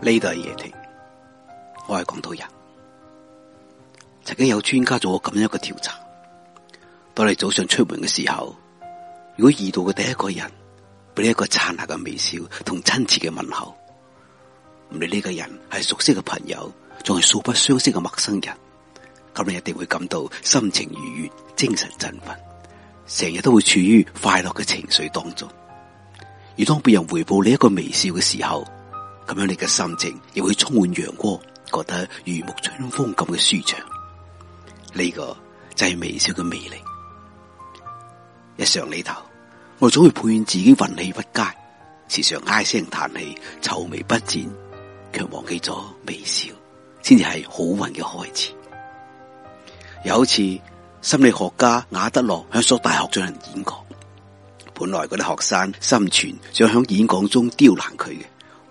呢度係夜聽，我係廣東人。曾經有專家做咁樣一個調查，當你早上出門嘅時候，如果遇到嘅第一個人俾你一個燦爛嘅微笑同親切嘅問候，唔理呢個人係熟悉嘅朋友，仲係素不相識嘅陌生人，咁你一定會感到心情愉悅、精神振奮，成日都會處於快樂嘅情緒當中。而當別人回報你一個微笑嘅時候，咁樣你嘅心情亦會充滿陽光，覺得如沐春風咁嘅舒暢。呢個就係微笑嘅魅力。日常裏頭，我總會抱怨自己運氣不佳，時常唉聲嘆氣、愁眉不展，卻忘記咗微笑，先至係好運嘅開始。有一次，心理學家亞德洛喺所大學進行演講，本來嗰啲學生心存想喺演講中刁難佢嘅。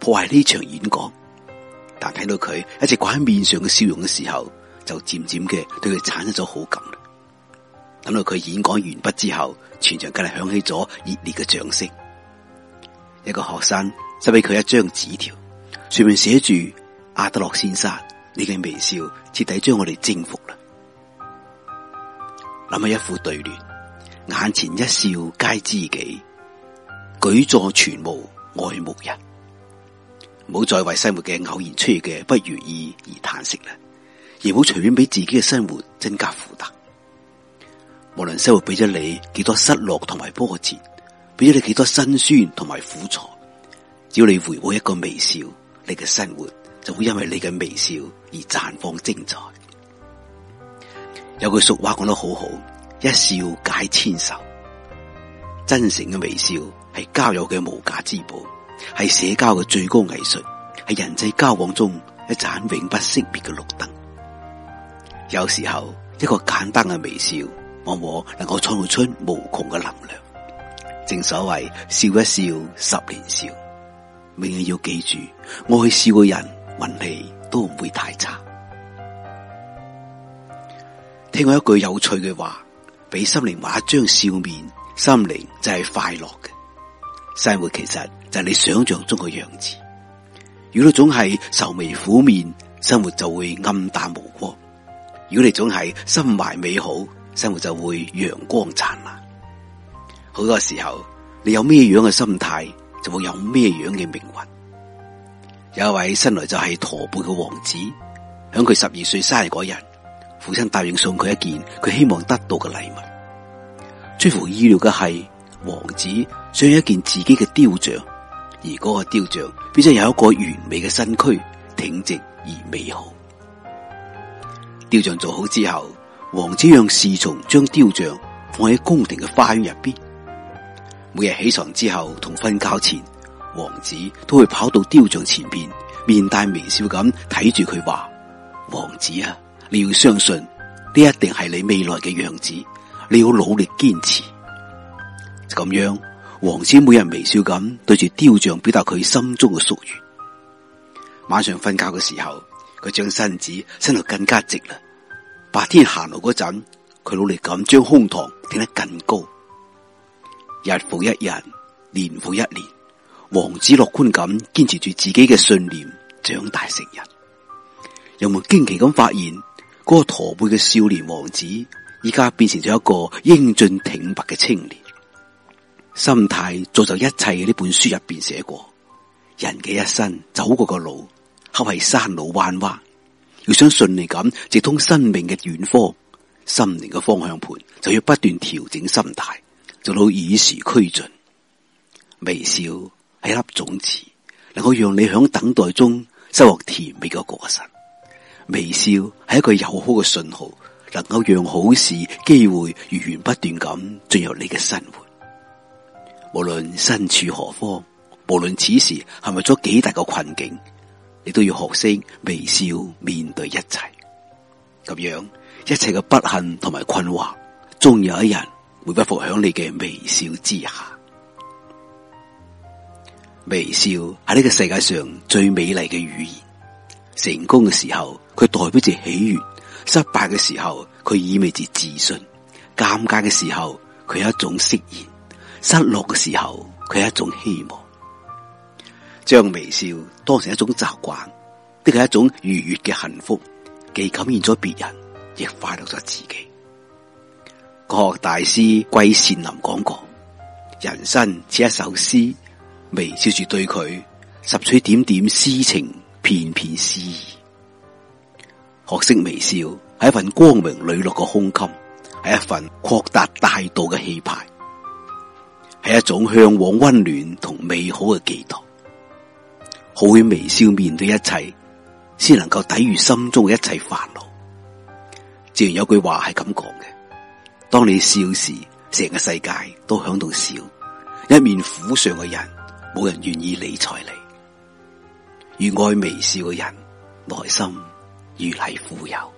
破壞呢場演講，但睇到佢一直掛喺面上嘅笑容嘅時候，就漸漸嘅對佢產生咗好感。等到佢演講完畢之後，全場梗係響起咗熱烈嘅掌聲。一個學生塞俾佢一張紙條，上面寫住：阿德洛先生，你嘅微笑徹底將我哋征服啦。諗起一副對聯：眼前一笑皆知己，舉座全無礙目人。唔好再為生活嘅偶然出現嘅不如意而嘆息啦，而唔好隨便俾自己嘅生活增加負擔。無論生活俾咗你幾多失落同埋波折，俾咗你幾多辛酸同埋苦楚，只要你回報一個微笑，你嘅生活就會因為你嘅微笑而綻放精彩。有句俗話講得好好，一笑解千愁。真誠嘅微笑係交友嘅無價之寶。係社交嘅最高藝術，係人際交往中一盞永不熄滅嘅綠燈。有時候一個簡單嘅微笑，往往能夠創造出無窮嘅能量。正所謂笑一笑，十年少。永遠要記住，我去笑嘅人，運氣都唔會太差。聽我一句有趣嘅話，俾心靈畫一張笑面，心靈就係快樂嘅。生活其實就係你想象中嘅樣子，如果你總係愁眉苦面，生活就會暗淡無光；如果你總係心懷美好，生活就會陽光燦爛。好多時候，你有咩樣嘅心態，就會有咩樣嘅命運。有一位生來就係駝背嘅王子，喺佢十二歲生日嗰日，父親答應送佢一件佢希望得到嘅禮物。出乎意料嘅係。王子想要一件自己嘅雕像，而嗰個雕像必須有一個完美嘅身軀，挺直而美好。雕像做好之後，王子讓侍從將雕像放喺宮廷嘅花園入邊。每日起床之後同瞓覺前，王子都會跑到雕像前邊，面帶微笑咁睇住佢話，王子啊，你要相信，呢一定係你未來嘅樣子。你要努力堅持。就咁樣，王子每日微笑咁對住雕像表達佢心中嘅夙願。晚上瞓覺嘅時候，佢將身子伸到更加直啦。白天行路嗰陣，佢努力咁將胸膛挺得更高。日復一日，年復一年，王子樂觀咁堅持住自己嘅信念，長大成人。人們驚奇咁發現，嗰個駝背嘅少年王子，依家變成咗一個英俊挺拔嘅青年。心態造就一切嘅呢本書入邊寫過，人嘅一生走過個路，可謂山路彎彎。要想順利咁直通生命嘅遠方，心靈嘅方向盤就要不斷調整心態，做到與時俱進。微笑係一粒種子，能夠讓你響等待中收穫甜美嘅果實。微笑係一個友好嘅信號，能夠讓好事機會源源不斷咁進入你嘅生活。無論身處何方，無論此時係咪咗幾大嘅困境，你都要學識微笑面對一切。咁樣，一切嘅不幸同埋困惑，終有一日會不服響你嘅微笑之下。微笑係呢個世界上最美麗嘅語言。成功嘅時候，佢代表住喜悅；失敗嘅時候，佢意味住自信；尷尬嘅時候，佢有一種釋然。失落嘅時候，佢係一種希望。將微笑當成一種習慣，即係一種愉悦嘅幸福，既感染咗別人，亦快樂咗自己。國學大師季羨林講過：人生似一首詩，微笑住對佢拾取點點詩情，片片詩意。學識微笑係一份光明磊落嘅胸襟，係一份豁達大道嘅氣派。係一種向往溫暖同美好嘅寄託，好去微笑面對一切，先能夠抵御心中嘅一切煩惱。自然有句話係咁講嘅：當你笑時，成個世界都響度笑；一面苦相嘅人，冇人願意理睬你，而愛微笑嘅人，內心越係富有。